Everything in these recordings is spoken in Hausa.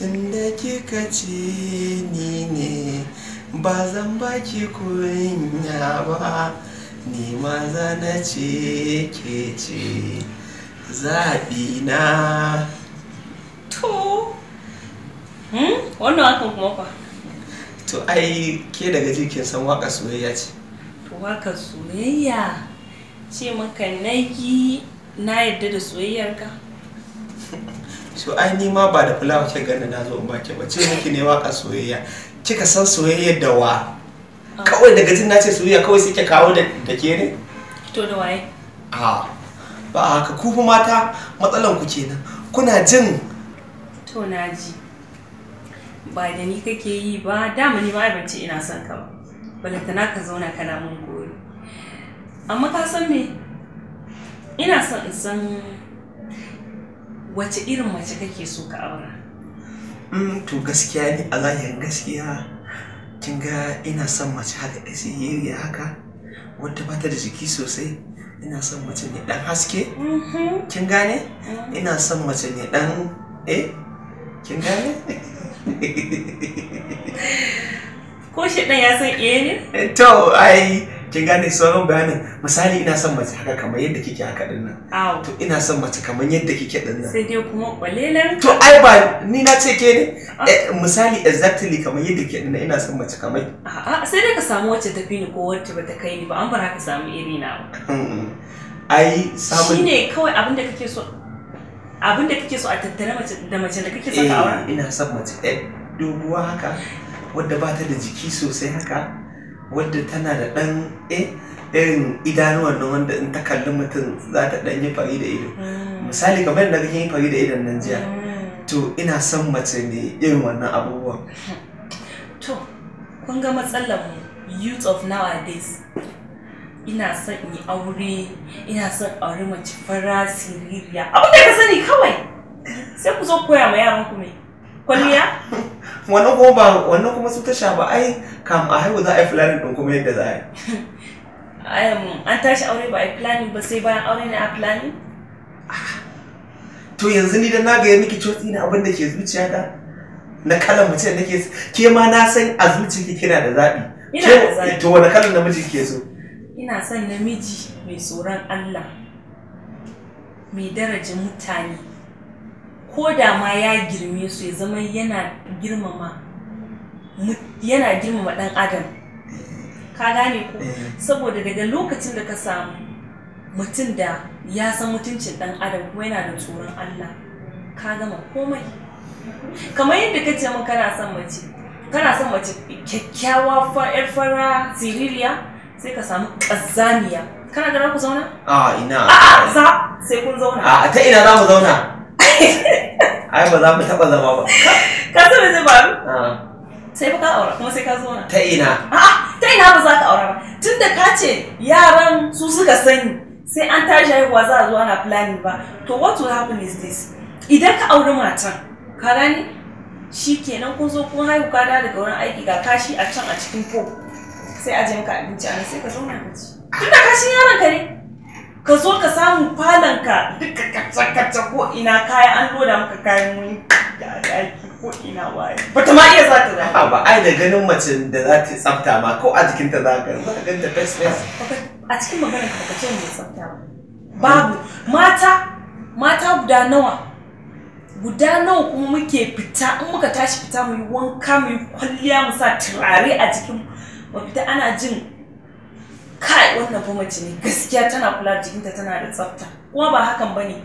tunda kika ce ni ne ba zan baki kunya ba ni maza na ce ke ce zaɓi na to hmm? wannan wakan kuma kwa? to ai ke daga jikin san waka soyayya ce to waka soyayya ce maka nagi na yarda da soyayyarka so ai ni ma ba da fulawa ke gani na zo in baki ba ce miki ne waka soyayya kika san soyayya da wa ah. kawai daga jin nace soyayya kawai suke kawo da da ke ne to da waye a ba haka ku fa mata matsalan ku kenan kuna jin to na ji ba da ni kake yi ba dama ni ba bace ina son ka ba na ka zauna kana mun gori amma ka san me ina son in san wace irin mace kake so ka aura mm, to gaskiya ni a zahirin gaskiya kin ga ina son mace haka ɗasiririya haka wadda ba ta da jiki sosai ina son mace ne dan haske mm-hmm. kin gane mm. ina son mace ne dan eh kin gane ko shi ya san iye eh ne to ai kin gane sauran bayanin misali ina son mace haka kamar yadda kike haka din nan to ina son mace kamar yadda kike din nan sai dai kuma kwalelar to ai ba ni na ce ke ne ah. eh, misali exactly kamar yadda kike din nan ina son mace kamar a'a sai dai ka samu wacce tafi ni ko wacce ba ta kai ni ba an bar haka samu iri na ba. ai samu shine kawai abin da kake so abin da kake so a tattare mace da mace da kake so ka aura eh, ina son mace ɗaya doguwa haka wadda ba ta da jiki sosai haka wadda tana da ɗan eh, irin idanuwan wannan wanda in ta kalli mutum za ta ɗan yi fari da ido mm. misali kamar da kake yi fari da idon nan jiya mm. to ina son mace ne irin wannan abubuwan to kun ga matsalar youth of nowadays ina son in yi aure ina son aure mace fara siririya abin da ka sani kawai sai ku zo koya ma yaran ku mai kwalliya wannan kuma ba wannan kuma su tasha ba ai kam a haihu za a yi planning din kuma yadda za a yi um, an tashi aure ba a yi planning ba sai bayan aure ne a planning to yanzu ni don na ga miki cotsi na abin da ke zuciya ta? na kalan mace da nake ke ma na san a zuciya kina da zaɓi? ina da to wani kalan namiji ke so ina son namiji mai tsoron Allah mai daraja mutane ko da ma ya girme su ya zama yana girmama yana girmama dan adam ka gane ko eh. saboda daga lokacin da ka samu mutum da ya san mutuncin dan adam kuma yana da tsoron Allah ka gama komai kamar yadda ka ce min kana son mace kana son mace kyakkyawa fa'ir fara siriliya sai ka samu kazzaniya kana da ku zauna a ah, ina a za sai kun zauna a ta ina za mu zauna ai ba za mu taba zama ba ka san zai faru ah. sai ka aura kuma sai ka zauna ta ina a'a ta ina ba za ka aura ba tunda ka ce yaran su suka sani sai an tashi haihuwa za a zo ana planning ba to what will happen is this idan ka auri matan ka gani shi kenan kun zo kun haihu ka daga wurin aiki ga kashi a can a cikin ko sai a je ka abinci a sai ka zauna ka ci tunda kashin yaron ka ne ka so ka samu falon ka duka kacce kacce ko ina kaya an loda maka kayan wani da daki ko ina waye ba ta ma iya za ta zama ba ai da ganin mace da za ta tsafta ma ko a jikinta za ka za ka ganta face face a cikin magana ka ce mai tsafta babu mata mata guda nawa guda nawa kuma muke fita in muka tashi fita mu yi wanka mu yi kwalliya mu sa turare a jikin mu fita ana jin kai wannan fa mace ne gaskiya tana kula da jikinta tana da tsafta kuma ba hakan bane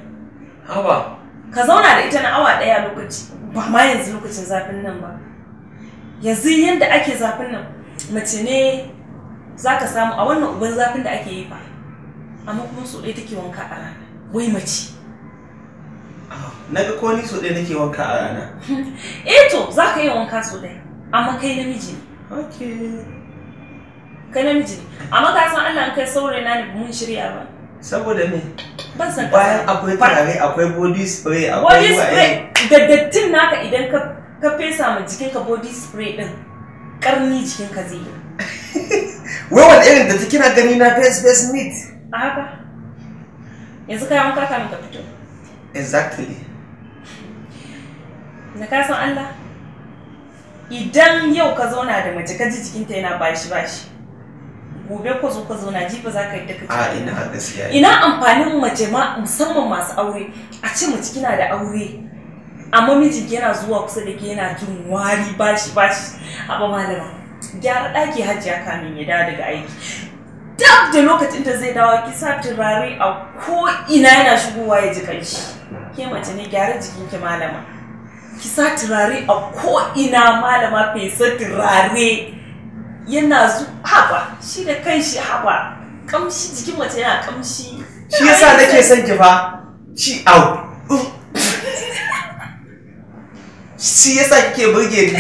haba ka zauna da ita na awa daya lokaci ba ma yanzu lokacin zafin nan ba yanzu yanda ake zafin nan mace ne zaka samu a wannan uban zafin da ake yi fa amma kuma so ɗaya take wanka a rana wai mace ah, na ga ko ni so ɗaya nake wanka a rana eh to zaka yi wanka so ɗaya amma kai namiji ne okay Ka namiji amma ka san Allah kai saurayi na ne mun shirya ba saboda me ban san bayan akwai turare akwai body spray akwai body spray da dattin naka idan ka ka fesa ma jikin ka body spray din karni jikin ka zai wai wani irin da ta kina gani na face face meat a haka yanzu kai wanka kamin ka fito exactly na ka san Allah idan yau ka zauna da mace ka ji jikinta yana bashi bashi gobe ko zo ka zauna ji ba za ka yi ka a ina gaskiya ina amfanin mace ma musamman masu aure a ce mace kina da aure amma mijinki yana zuwa kusa da ke yana jin wari bashi bashi a ba malama gyara ɗaki hajiya kamin ya dawo daga aiki dab da lokacin da zai dawo ki sa turare a ko ina yana shigowa ya ji kanshi ke mace ne gyara jikin ki malama ki sa turare a ko ina malama fesa turare yana zu haba shi da kanshi haba kamshi jikin mace yana kamshi shi yasa nake son ki fa shi au shi yasa kike burge ni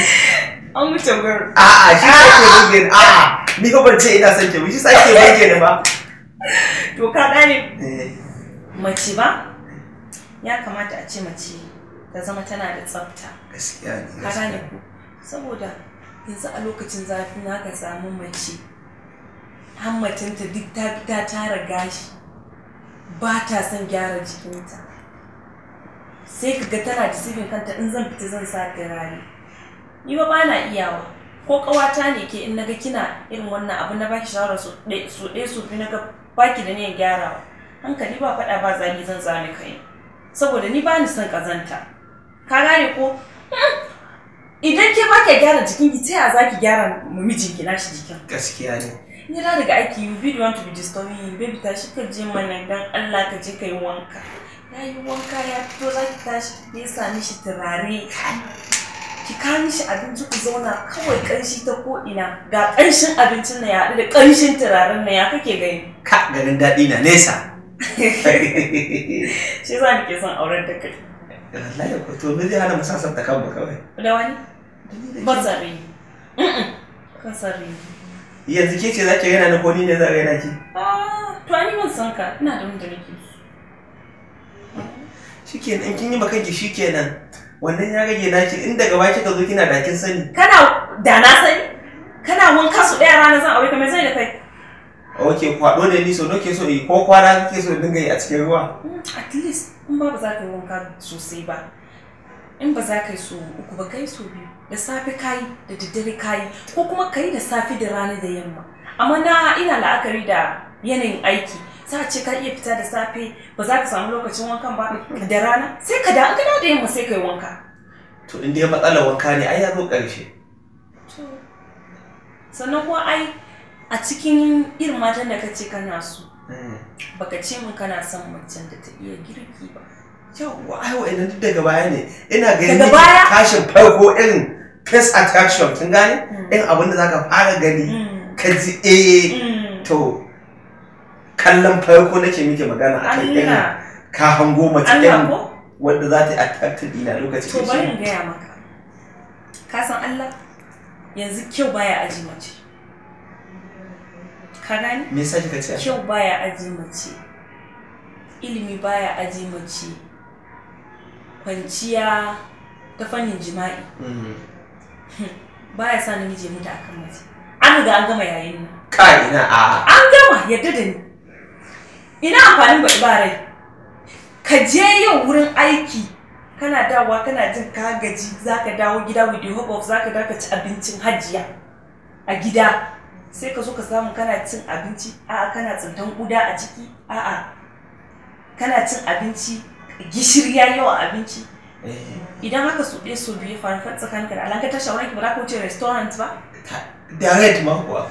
an wuce a a'a shi yasa kike burge ni a ni ka ban ce ina son ki shi yasa kike burge ni ba to ka gane eh. mace ba ya kamata a ce mace ta zama tana da tsafta gaskiya ne ka gane ko saboda yanzu a lokacin zafi na ka samu mace hammatinta duk ta ta tara gashi ba ta son gyara jikinta sai ka ga tana da sifin kanta in zan fita zan sa rari ni ba ba na iyawa ko kawata ne ke in naga kina irin wannan abu na baki shawara su ɗaya su fi naga baki da niyan gyarawa hankali ba faɗa ba zagi zan zane kai saboda ni ba ni son ƙazanta ka gane ko Idan ke ba ka gyara jikin ki ta za ki gyara mijinki nashi jikin? Gaskiya ne. Ni na daga aiki you be the one to be disturbing you baby shi ka je mana dan Allah ka je ka yi wanka. Na yi wanka ya fito za ki tashi ne sa mishi turare. Ki kawo mishi abinci ku zauna kawai ƙanshi ta ko'ina ga ƙanshin abincin na ya haɗu da ƙanshin turaren na ya kake gani. Ka ganin daɗi na nesa. Shi za ni ke son auren da kai. Wallahi ko to me zai hana mu sasanta kanmu kawai. Da wani? Bazari. Bazari. Yanzu ke ce za ki raina ni ko ni ne za raina ki? Ah, to ni ban san ka, ina da wanda nake so. Shikenan kin yi maka ki shikenan. Wannan ya rage naki in daga baki ka zo kina da kin sani. Kana da na sani? Kana wanka su ɗaya rana zan aure ka mai zai da kai? Ok, kwaɗo ne ni so ke so yi ko kwana kake so dinga yi a cikin ruwa. Hmm, at least in ba ba za ka yi wanka sosai ba. In ba za ka yi so uku ba kai so biyu. da safe kayi da daddare kayi ko kuma kayi da safe da rana da yamma amma na ina la'akari da yanayin aiki za ce ka iya fita da safe ba za ka samu lokacin wankan ba da rana sai ka da an gada da yamma sai ka wanka to in dai matsalar wanka ne ai ya zo ƙarshe sannan kuma ai a cikin irin matan da kace kana su mm. baka ce min kana son macen da ta iya girki ba yawwa ai wa'annan duk daga baya ne ina ganin tashin farko irin first attraction kin gane ɗin hmm. abin da zaka fara gani hmm. ka ji eh hmm. to kallon farko nake muke magana a kan ɗin ka hango mace ɗin wanda za ta yi attracted ɗina lokacin to bari in gaya maka ka san Allah yanzu kyau baya aji mace ka gani me yasa kika ce kyau baya aji mace ilimi baya aji mace kwanciya ta fannin jima'i mm-hmm. baya sa namiji mutu akan mace an ga an gama yayin nan kai ina a an gama yadda da ni ina amfanin bai ba rai ka je yau wurin aiki kana dawowa kana jin ka gaji zaka dawo gida with the hope of zaka da ka ci abincin hajiya a gida sai ka zo ka samu kana cin abinci a'a kana tsintan guda a ciki a'a kana cin abinci gishiri ya yawa abinci idan haka su ɗaya su biyu faru tsakanin ka da Allah tashi ba za ka wuce restaurant ba direct ma kuwa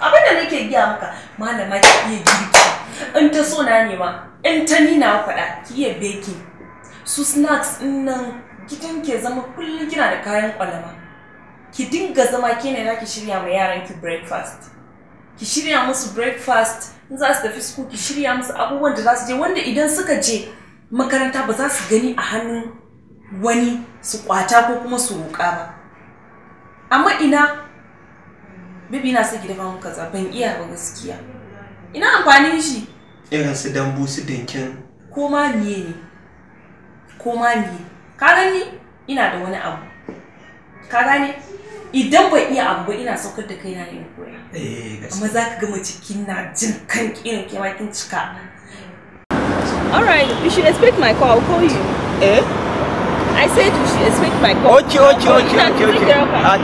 abin da nake giya maka malama ki iya girki in ta so na ne ma in ta ni na faɗa ki iya baking su snacks in nan gidan ke zama kullum kina da kayan kwalama ki dinga zama ke ne ki shirya ma yaran ki breakfast ki shirya musu breakfast in za su tafi school ki shirya musu abubuwan da za su je wanda idan suka je makaranta ba za su gani a hannun wani su kwata ko kuma su roƙa ba amma ina bibi na su gida mun kaza ban iya ba gaskiya ina amfani shi irin su dambu su dinkin ko ma niye ne ko ma niye ka gani ina da wani abu ka gani idan ban iya abu ba ina saukar da kaina ne koya eh, amma za ka gama cikin na jin kan kirin kin cika Alright, you should expect my call. I'll call you. Eh? I said you should expect my call. Okay, okay, okay, okay, okay.